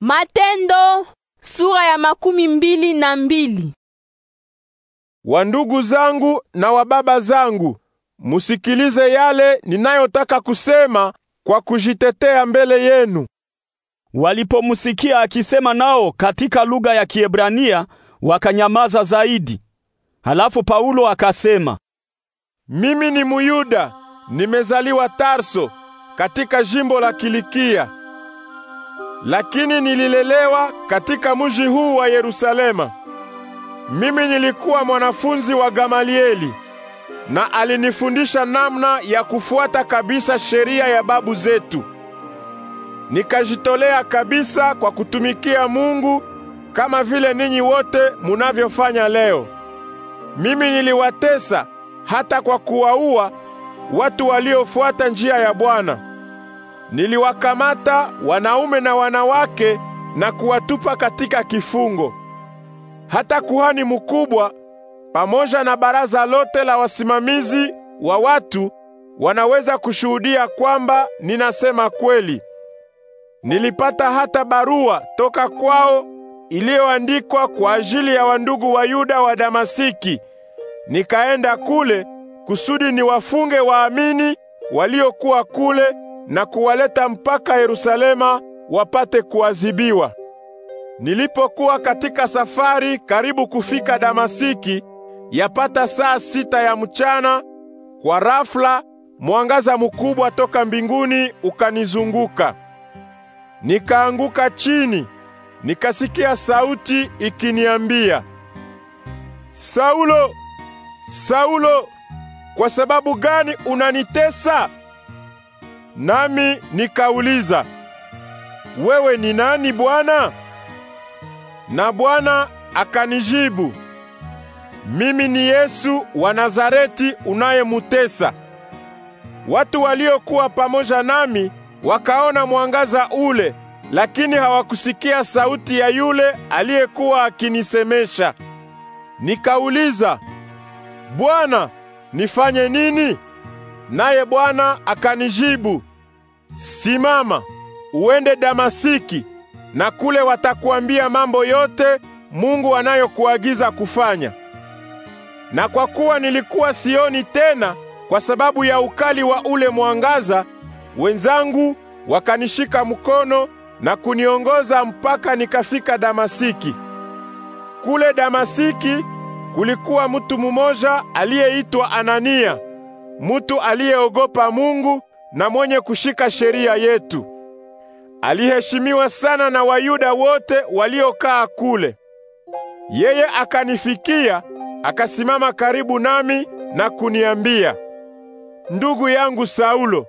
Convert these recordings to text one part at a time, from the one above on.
Matendo sura ya makumi mbili na mbili. Wandugu zangu na wababa zangu, musikilize yale ninayotaka kusema kwa kujitetea mbele yenu. Walipomusikia akisema nao katika lugha ya Kiebrania, wakanyamaza zaidi. Halafu Paulo akasema, mimi ni Muyuda, nimezaliwa Tarso katika jimbo la Kilikia lakini nililelewa katika mji huu wa Yerusalema. Mimi nilikuwa mwanafunzi wa Gamalieli na alinifundisha namna ya kufuata kabisa sheria ya babu zetu. Nikajitolea kabisa kwa kutumikia Mungu kama vile ninyi wote munavyofanya leo. Mimi niliwatesa hata kwa kuwaua watu waliofuata njia ya Bwana niliwakamata wanaume na wanawake na kuwatupa katika kifungo. Hata kuhani mkubwa pamoja na baraza lote la wasimamizi wa watu wanaweza kushuhudia kwamba ninasema kweli. Nilipata hata barua toka kwao iliyoandikwa kwa ajili ya wandugu wa Yuda wa Damasiki. Nikaenda kule kusudi niwafunge waamini waliokuwa kule na kuwaleta mpaka Yerusalema wapate kuadhibiwa. Nilipokuwa katika safari karibu kufika Damasiki, yapata saa sita ya mchana, kwa rafla mwangaza mkubwa toka mbinguni ukanizunguka. Nikaanguka chini, nikasikia sauti ikiniambia, Saulo, Saulo, kwa sababu gani unanitesa? Nami nikauliza, wewe ni nani Bwana? Na Bwana akanijibu, mimi ni Yesu wa Nazareti unayemutesa. Watu waliokuwa pamoja nami wakaona mwangaza ule, lakini hawakusikia sauti ya yule aliyekuwa akinisemesha. Nikauliza, Bwana, nifanye nini? Naye Bwana akanijibu, simama uende Damasiki, na kule watakuambia mambo yote Mungu anayokuagiza kufanya. Na kwa kuwa nilikuwa sioni tena kwa sababu ya ukali wa ule mwangaza, wenzangu wakanishika mkono na kuniongoza mpaka nikafika Damasiki. Kule Damasiki kulikuwa mtu mmoja aliyeitwa Anania mutu aliyeogopa Mungu na mwenye kushika sheria yetu. Aliheshimiwa sana na Wayuda wote waliokaa kule. Yeye akanifikia, akasimama karibu nami na kuniambia, ndugu yangu Saulo,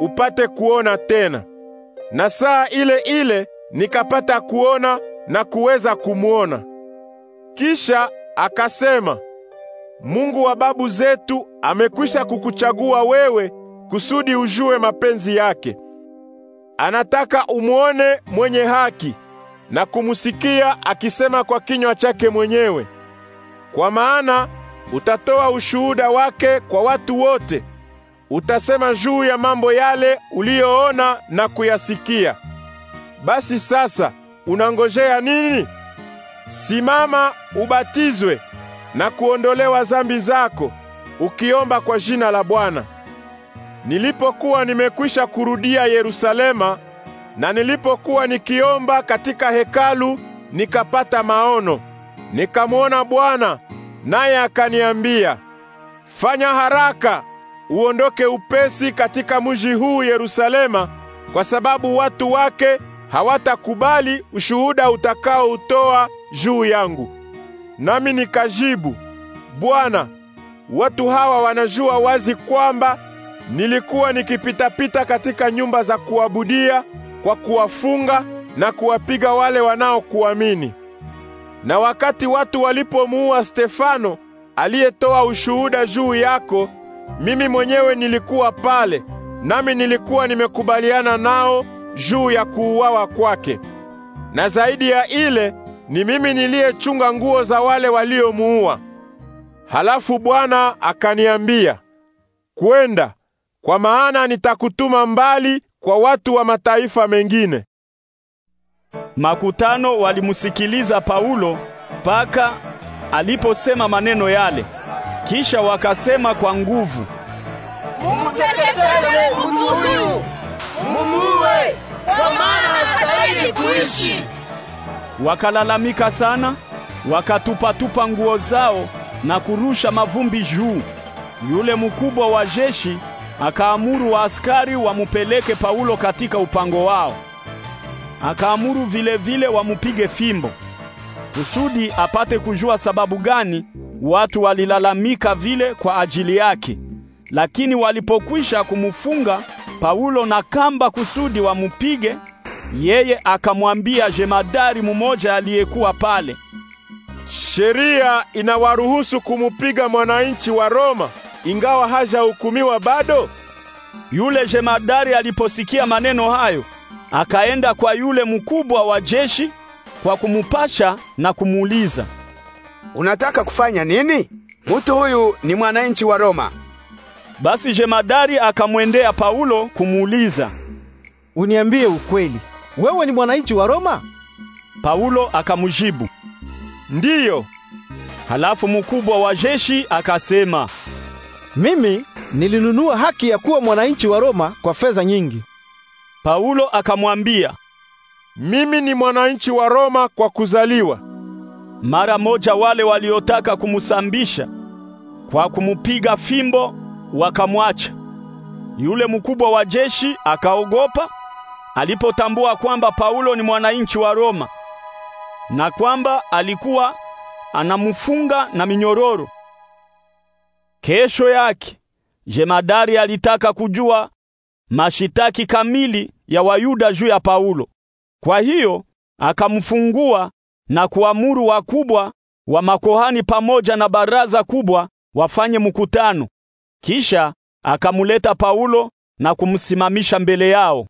upate kuona tena. Na saa ile ile nikapata kuona na kuweza kumwona. Kisha akasema, Mungu wa babu zetu amekwisha kukuchagua wewe kusudi ujue mapenzi yake. Anataka umwone mwenye haki na kumusikia akisema kwa kinywa chake mwenyewe. Kwa maana utatoa ushuhuda wake kwa watu wote. Utasema juu ya mambo yale uliyoona na kuyasikia. Basi sasa unangojea nini? Simama ubatizwe na kuondolewa zambi zako ukiomba kwa jina la Bwana. Nilipokuwa nimekwisha kurudia Yerusalema na nilipokuwa nikiomba katika hekalu, nikapata maono, nikamwona Bwana naye akaniambia, fanya haraka uondoke upesi katika mji huu Yerusalema, kwa sababu watu wake hawatakubali ushuhuda utakaoutoa juu yangu. Nami nikajibu, Bwana, watu hawa wanajua wazi kwamba nilikuwa nikipita-pita katika nyumba za kuabudia kwa kuwafunga na kuwapiga wale wanaokuamini. Na wakati watu walipomuua Stefano aliyetoa ushuhuda juu yako, mimi mwenyewe nilikuwa pale, nami nilikuwa nimekubaliana nao juu ya kuuawa kwake. Na zaidi ya ile ni mimi niliyechunga nguo za wale waliomuua. Halafu Bwana akaniambia, kwenda, kwa maana nitakutuma mbali kwa watu wa mataifa mengine. Makutano walimusikiliza Paulo mpaka aliposema maneno yale, kisha wakasema kwa nguvu, mumutetee mtu huyu. wakalalamika sana, wakatupatupa nguo zao na kurusha mavumbi juu. Yule mkubwa wa jeshi akaamuru waaskari wamupeleke Paulo katika upango wao. Akaamuru vile vile wamupige fimbo kusudi apate kujua sababu gani watu walilalamika vile kwa ajili yake. Lakini walipokwisha kumfunga Paulo na kamba kusudi wamupige, yeye akamwambia jemadari mmoja aliyekuwa pale, sheria inawaruhusu kumupiga mwananchi wa Roma ingawa hajahukumiwa bado. Yule jemadari aliposikia maneno hayo, akaenda kwa yule mkubwa wa jeshi kwa kumupasha na kumuuliza, unataka kufanya nini? Mtu huyu ni mwananchi wa Roma. Basi jemadari akamwendea Paulo kumuuliza, uniambie ukweli wewe ni mwananchi wa Roma? Paulo akamjibu, ndiyo. Halafu mkubwa wa jeshi akasema, mimi nilinunua haki ya kuwa mwananchi wa Roma kwa fedha nyingi. Paulo akamwambia, mimi ni mwananchi wa Roma kwa kuzaliwa. Mara moja wale waliotaka kumsambisha kwa kumupiga fimbo wakamwacha. Yule mkubwa wa jeshi akaogopa alipotambua kwamba Paulo ni mwananchi wa Roma na kwamba alikuwa anamfunga na minyororo. Kesho yake jemadari alitaka kujua mashitaki kamili ya Wayuda juu ya Paulo. Kwa hiyo akamfungua na kuamuru wakubwa wa makohani pamoja na baraza kubwa wafanye mkutano. Kisha akamuleta Paulo na kumsimamisha mbele yao.